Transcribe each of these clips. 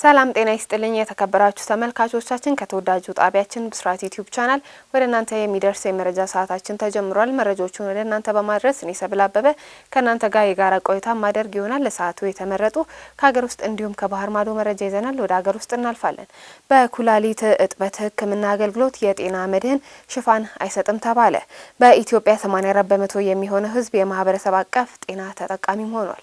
ሰላም ጤና ይስጥልኝ የተከበራችሁ ተመልካቾቻችን፣ ከተወዳጁ ጣቢያችን ብስራት ዩቲዩብ ቻናል ወደ እናንተ የሚደርስ የመረጃ ሰዓታችን ተጀምሯል። መረጃዎቹን ወደ እናንተ በማድረስ እኔ ሰብል አበበ ከእናንተ ጋር የጋራ ቆይታ ማደርግ ይሆናል። ለሰዓቱ የተመረጡ ከሀገር ውስጥ እንዲሁም ከባህር ማዶ መረጃ ይዘናል። ወደ ሀገር ውስጥ እናልፋለን። በኩላሊት እጥበት ሕክምና አገልግሎት የጤና መድህን ሽፋን አይሰጥም ተባለ። በኢትዮጵያ 84 በመቶ የሚሆነው ሕዝብ የማህበረሰብ አቀፍ ጤና ተጠቃሚም ሆኗል።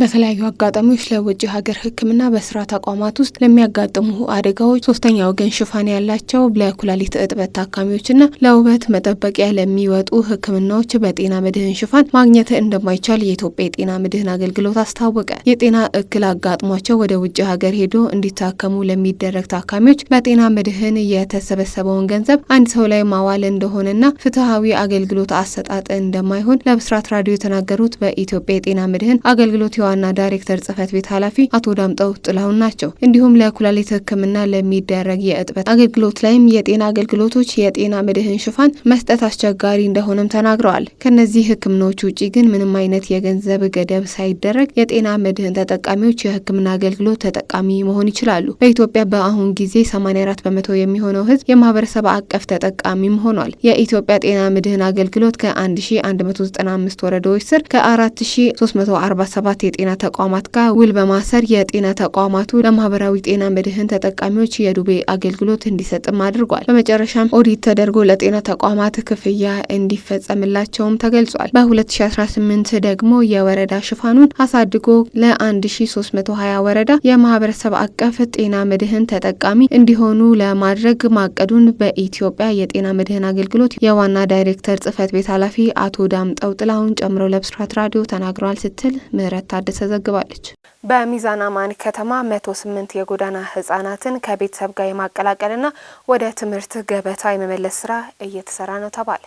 በተለያዩ አጋጣሚዎች ለውጭ ሀገር ሕክምና በስራ ተቋማት ውስጥ ለሚያጋጥሙ አደጋዎች ሶስተኛ ወገን ሽፋን ያላቸው ለኩላሊት እጥበት ታካሚዎችና ለውበት መጠበቂያ ለሚወጡ ሕክምናዎች በጤና መድህን ሽፋን ማግኘት እንደማይቻል የኢትዮጵያ የጤና መድህን አገልግሎት አስታወቀ። የጤና እክል አጋጥሟቸው ወደ ውጭ ሀገር ሄዶ እንዲታከሙ ለሚደረግ ታካሚዎች በጤና መድህን የተሰበሰበውን ገንዘብ አንድ ሰው ላይ ማዋል እንደሆነና ፍትሐዊ አገልግሎት አሰጣጥ እንደማይሆን ለብስራት ራዲዮ የተናገሩት በኢትዮጵያ የጤና መድህን አገልግሎት ዋና ዳይሬክተር ጽህፈት ቤት ኃላፊ አቶ ዳምጠው ጥላሁን ናቸው። እንዲሁም ለኩላሊት ሕክምና ለሚደረግ የእጥበት አገልግሎት ላይም የጤና አገልግሎቶች የጤና መድህን ሽፋን መስጠት አስቸጋሪ እንደሆነም ተናግረዋል። ከነዚህ ህክምናዎች ውጪ ግን ምንም አይነት የገንዘብ ገደብ ሳይደረግ የጤና መድህን ተጠቃሚዎች የህክምና አገልግሎት ተጠቃሚ መሆን ይችላሉ። በኢትዮጵያ በአሁን ጊዜ 84 በመቶ የሚሆነው ህዝብ የማህበረሰብ አቀፍ ተጠቃሚም ሆኗል። የኢትዮጵያ ጤና መድህን አገልግሎት ከ1195 ወረዳዎች ስር ከ4347 የጤና ተቋማት ጋር ውል በማሰር የጤና ተቋማቱ ለማህበራዊ ጤና መድህን ተጠቃሚዎች የዱቤ አገልግሎት እንዲሰጥም አድርጓል። በመጨረሻም ኦዲት ተደርጎ ለጤና ተቋማት ክፍያ እንዲፈጸምላቸውም ተገልጿል። በ2018 ደግሞ የወረዳ ሽፋኑን አሳድጎ ለ1320 ወረዳ የማህበረሰብ አቀፍ ጤና መድህን ተጠቃሚ እንዲሆኑ ለማድረግ ማቀዱን በኢትዮጵያ የጤና መድህን አገልግሎት የዋና ዳይሬክተር ጽህፈት ቤት ኃላፊ አቶ ዳምጠው ጥላሁን ጨምሮ ለብስራት ራዲዮ ተናግረዋል ስትል ምህረት ታደሰ ዘግባለች። በሚዛን አማን ከተማ መቶ ስምንት የጎዳና ህጻናትን ከቤተሰብ ጋር የማቀላቀልና ወደ ትምህርት ገበታ የመመለስ ስራ እየተሰራ ነው ተባለ።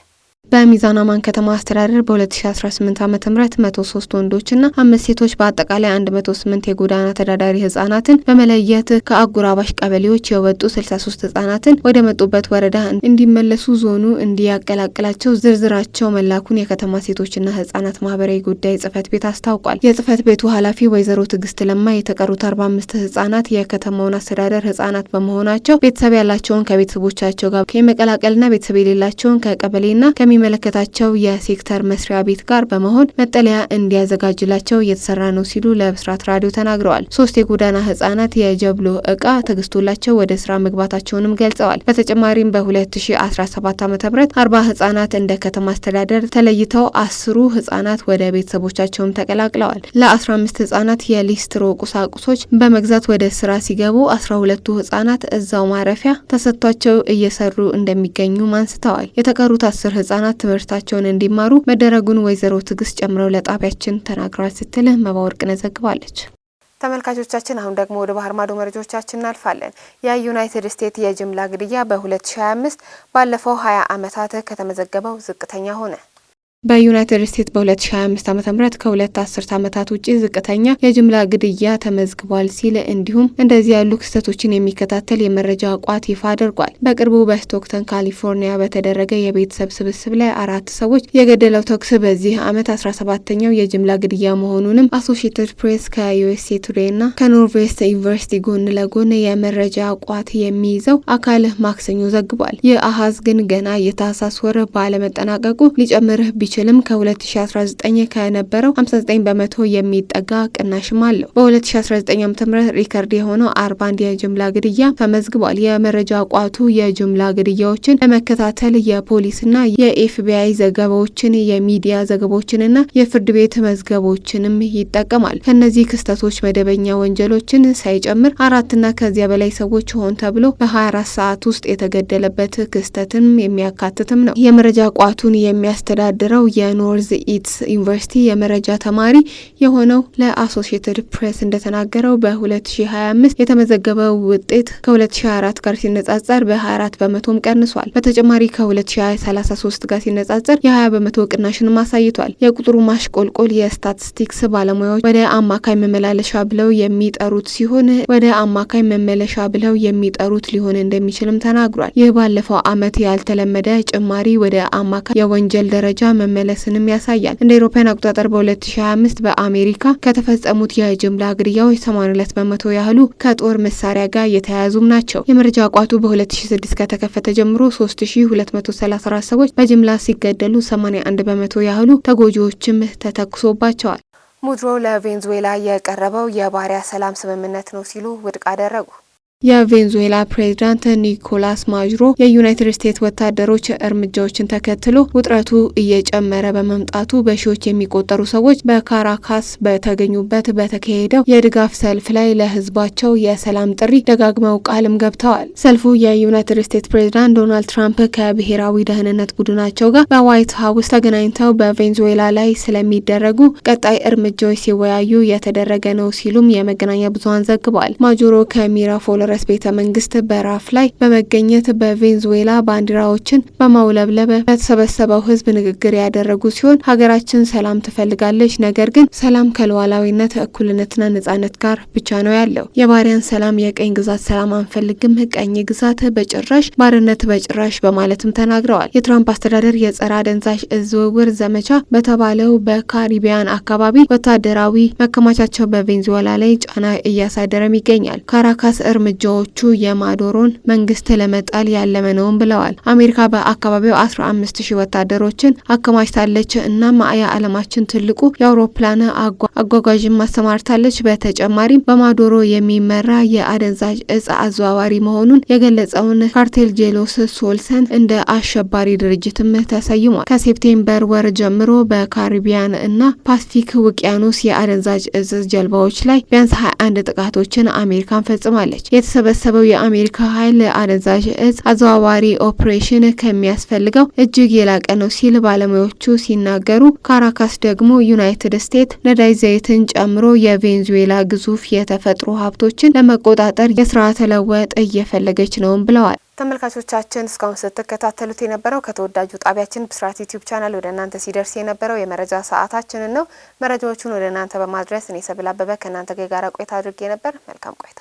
በሚዛን አማን ከተማ አስተዳደር በ2018 ዓ ም 103 ወንዶችና አምስት ሴቶች በአጠቃላይ 108 የጎዳና ተዳዳሪ ህጻናትን በመለየት ከአጉራባሽ ቀበሌዎች የወጡ 63 ህጻናትን ወደ መጡበት ወረዳ እንዲመለሱ ዞኑ እንዲያቀላቅላቸው ዝርዝራቸው መላኩን የከተማ ሴቶችና ህጻናት ማህበራዊ ጉዳይ ጽህፈት ቤት አስታውቋል። የጽህፈት ቤቱ ኃላፊ ወይዘሮ ትዕግስት ለማ የተቀሩት 45 ህጻናት የከተማውን አስተዳደር ህጻናት በመሆናቸው ቤተሰብ ያላቸውን ከቤተሰቦቻቸው ጋር የመቀላቀልና ቤተሰብ የሌላቸውን ከቀበሌና ከሚ ከሚመለከታቸው የሴክተር መስሪያ ቤት ጋር በመሆን መጠለያ እንዲያዘጋጅላቸው እየተሰራ ነው ሲሉ ለብስራት ራዲዮ ተናግረዋል። ሶስት የጎዳና ህጻናት የጀብሎ እቃ ተገዝቶላቸው ወደ ስራ መግባታቸውንም ገልጸዋል። በተጨማሪም በ2017 ዓ ም አርባ ህጻናት እንደ ከተማ አስተዳደር ተለይተው አስሩ ህጻናት ወደ ቤተሰቦቻቸውም ተቀላቅለዋል። ለ15 ህጻናት የሊስትሮ ቁሳቁሶች በመግዛት ወደ ስራ ሲገቡ 12ቱ ህጻናት እዛው ማረፊያ ተሰጥቷቸው እየሰሩ እንደሚገኙም አንስተዋል። የተቀሩት አስር ህጻናት ህጻናት ትምህርታቸውን እንዲማሩ መደረጉን ወይዘሮ ትዕግስት ጨምረው ለጣቢያችን ተናግረዋል ስትል መባ ዘግባለች። ተመልካቾቻችን አሁን ደግሞ ወደ ባህር ማዶ መረጃዎቻችን እናልፋለን። የዩናይትድ ስቴትስ የጅምላ ግድያ በ2025 ባለፈው 20 ዓመታት ከተመዘገበው ዝቅተኛ ሆነ። በዩናይትድ ስቴትስ በ2025 ዓ ም ከሁለት አስርት ዓመታት ውጭ ዝቅተኛ የጅምላ ግድያ ተመዝግቧል ሲል እንዲሁም እንደዚህ ያሉ ክስተቶችን የሚከታተል የመረጃ ቋት ይፋ አድርጓል። በቅርቡ በስቶክተን ካሊፎርኒያ በተደረገ የቤተሰብ ስብስብ ላይ አራት ሰዎች የገደለው ተኩስ በዚህ ዓመት 17ተኛው የጅምላ ግድያ መሆኑንም አሶሽትድ ፕሬስ ከዩኤስኤ ቱዴይ እና ከኖርቬስት ዩኒቨርሲቲ ጎን ለጎን የመረጃ ቋት የሚይዘው አካል ማክሰኞ ዘግቧል። ይህ አሃዝ ግን ገና የታህሳስ ወር ባለመጠናቀቁ ሊጨምርህ ቢችል ቢችልም ከ2019 ከነበረው 59 በመቶ የሚጠጋ ቅናሽም አለው። በ2019 ዓ ም ሪከርድ የሆነው 41 የጅምላ ግድያ ተመዝግቧል። የመረጃ ቋቱ የጅምላ ግድያዎችን ለመከታተል የፖሊስና የኤፍቢአይ ዘገባዎችን የሚዲያ ዘገባዎችንና የፍርድ ቤት መዝገቦችንም ይጠቀማል። ከእነዚህ ክስተቶች መደበኛ ወንጀሎችን ሳይጨምር አራትና ከዚያ በላይ ሰዎች ሆን ተብሎ በ24 ሰዓት ውስጥ የተገደለበት ክስተትም የሚያካትትም ነው። የመረጃ ቋቱን የሚያስተዳድረው የነበረው የኖርዝ ኢትስ ዩኒቨርሲቲ የመረጃ ተማሪ የሆነው ለአሶሺየትድ ፕሬስ እንደተናገረው በ2025 የተመዘገበው ውጤት ከ2024 ጋር ሲነጻጸር በ24 በመቶም ቀንሷል። በተጨማሪ ከ2033 ጋር ሲነጻጸር የ20 በመቶ ቅናሽንም አሳይቷል። የቁጥሩ ማሽቆልቆል የስታቲስቲክስ ባለሙያዎች ወደ አማካይ መመላለሻ ብለው የሚጠሩት ሲሆን ወደ አማካይ መመለሻ ብለው የሚጠሩት ሊሆን እንደሚችልም ተናግሯል። ይህ ባለፈው ዓመት ያልተለመደ ጭማሪ ወደ አማካይ የወንጀል ደረጃ መመለስንም ያሳያል። እንደ አውሮፓውያን አቆጣጠር በ2025 በአሜሪካ ከተፈጸሙት የጅምላ ግድያዎች 82 በመቶ ያህሉ ከጦር መሳሪያ ጋር የተያያዙም ናቸው። የመረጃ ቋቱ በ2006 ከተከፈተ ጀምሮ 3234 ሰዎች በጅምላ ሲገደሉ 81 በመቶ ያህሉ ተጎጂዎችም ተተኩሶባቸዋል። ሙድሮ ለቬንዙዌላ የቀረበው የባሪያ ሰላም ስምምነት ነው ሲሉ ውድቅ አደረጉ። የቬንዙዌላ ፕሬዚዳንት ኒኮላስ ማዱሮ የዩናይትድ ስቴትስ ወታደሮች እርምጃዎችን ተከትሎ ውጥረቱ እየጨመረ በመምጣቱ በሺዎች የሚቆጠሩ ሰዎች በካራካስ በተገኙበት በተካሄደው የድጋፍ ሰልፍ ላይ ለሕዝባቸው የሰላም ጥሪ ደጋግመው ቃልም ገብተዋል። ሰልፉ የዩናይትድ ስቴትስ ፕሬዚዳንት ዶናልድ ትራምፕ ከብሔራዊ ደህንነት ቡድናቸው ጋር በዋይት ሀውስ ተገናኝተው በቬንዙዌላ ላይ ስለሚደረጉ ቀጣይ እርምጃዎች ሲወያዩ የተደረገ ነው ሲሉም የመገናኛ ብዙሀን ዘግቧል። ማዱሮ ከሚራፎ ዶሎረስ ቤተ መንግስት በራፍ ላይ በመገኘት በቬንዙዌላ ባንዲራዎችን በማውለብለብ በተሰበሰበው ህዝብ ንግግር ያደረጉ ሲሆን ሀገራችን ሰላም ትፈልጋለች፣ ነገር ግን ሰላም ከሉዓላዊነት እኩልነትና ነጻነት ጋር ብቻ ነው ያለው። የባሪያን ሰላም፣ የቀኝ ግዛት ሰላም አንፈልግም፣ ቀኝ ግዛት በጭራሽ ባርነት በጭራሽ በማለትም ተናግረዋል። የትራምፕ አስተዳደር የጸረ አደንዛዥ እጽ ዝውውር ዘመቻ በተባለው በካሪቢያን አካባቢ ወታደራዊ መከማቻቸው በቬንዙዌላ ላይ ጫና እያሳደረም ይገኛል። ካራካስ እርምጃ እርምጃዎቹ የማዶሮን መንግስት ለመጣል ያለመ ነውም ብለዋል። አሜሪካ በአካባቢው 15 አምስት ሺህ ወታደሮችን አከማችታለች እና ማያ አለማችን ትልቁ የአውሮፕላን አጓጓዥን ማሰማርታለች። በተጨማሪም በማዶሮ የሚመራ የአደንዛዥ እጽ አዘዋዋሪ መሆኑን የገለጸውን ካርቴል ጄሎስ ሶልሰን እንደ አሸባሪ ድርጅትም ተሰይሟል። ከሴፕቴምበር ወር ጀምሮ በካሪቢያን እና ፓስፊክ ውቅያኖስ የአደንዛዥ እጽ ጀልባዎች ላይ ቢያንስ 21 ጥቃቶችን አሜሪካን ፈጽማለች። የተሰበሰበው የአሜሪካ ኃይል አደንዛዥ እጽ አዘዋዋሪ ኦፕሬሽን ከሚያስፈልገው እጅግ የላቀ ነው ሲል ባለሙያዎቹ ሲናገሩ፣ ካራካስ ደግሞ ዩናይትድ ስቴትስ ነዳጅ ዘይትን ጨምሮ የቬንዙዌላ ግዙፍ የተፈጥሮ ሀብቶችን ለመቆጣጠር የስርዓተ ለውጥ እየፈለገች ነውም ብለዋል። ተመልካቾቻችን እስካሁን ስትከታተሉት የነበረው ከተወዳጁ ጣቢያችን ብስራት ዩቲዩብ ቻናል ወደ እናንተ ሲደርስ የነበረው የመረጃ ሰዓታችንን ነው። መረጃዎቹን ወደ እናንተ በማድረስ እኔ ሰብል አበበ ከእናንተ ጋር ቆይታ አድርጌ ነበር። መልካም ቆይታ